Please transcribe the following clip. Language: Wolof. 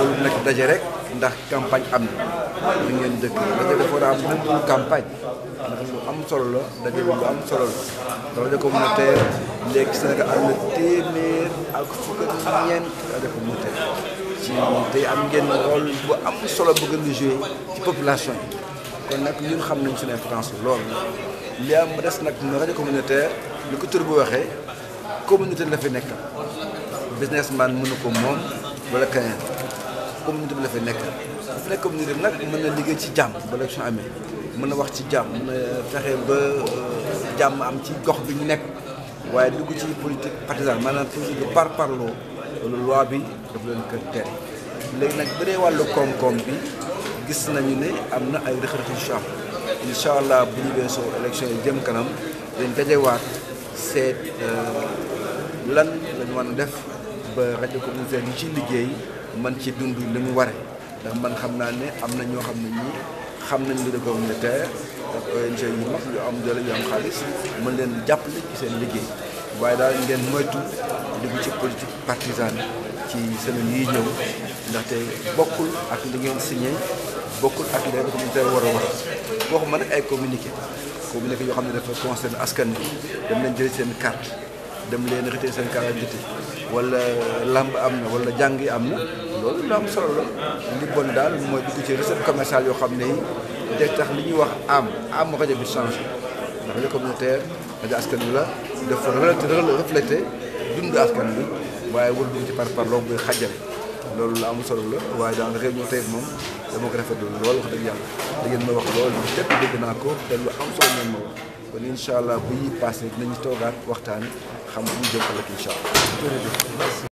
loolu nag daje rek ndax campagne am na ñu ngeen dëkk daje dafa war a am même pour ndax lu am solo la daje lu am solo la rajo communautaire léegi Sénégal am na ak fukk ak ñeent am ngeen rôle bu am solo bu ngeen di joué ci population yi kon nag ñun xam nañ seen importance loolu li am des nag na rajo communautaire li ko tur bu waxee communauté la fi nekk man mënu ko moom wala keneen communauté bi la fi nekk bu fi nekk communauté bi nag mën na liggéey ci jàmm ba élection amee mën na wax ci jàmm mu na fexe ba euh, am ci gox bi ñu nekk waaye dugg ci politique partisane maanaam toujours par parloo loolu loi bi daf leen ko tere léegi nag bëree dee wàllu koom-koom bi gis nañu ne am na ay rëq-rëq yu si am incha allah bu ñu weesoo élection yi jëm kanam dañ dajewaat seet euh, lan lañu mën def rajo communautaire yi ci liggéey man ci dund li mu waree ndax man xam naa ne am na ñoo xam ne ñii xam nañu lu de communautaire ak ONG yu mag yu am doole yu am xaalis man leen jàppale ci seen liggéey waaye daal ngeen moytu dugg ci politique partisane ci semaine yi ñëw ndaxte bokkul ak li ngeen signé bokkul ak li rajo communautaire war a wax waxuma nag ay communiqué communiqué yoo xam ne dafa concerne askan bi dem nañ jël seen carte dem leen reté seen carte d'identité wala lamb am na wala jàng yi am na loolu lu am solo la li bon daal mooy dugg ci recette commerciale yoo xam ne yi day tax li ñuy wax am am rajo bi changé ndax rajo communautaire rajo askan wi la dafa reflété dund askan bi waaye wër dugg ci par par loo buy xajale loolu lu am solo la waaye daal réunion tey moom dama ko rafetlu loolu wax dëgg yàlla da ngeen ma wax loolu lépp dégg naa ko te lu am solo ngeen ma wax kon incha allah bu ñuy paase dinañu toogaat waxtaan xam bu ñu jëm ëllëg incha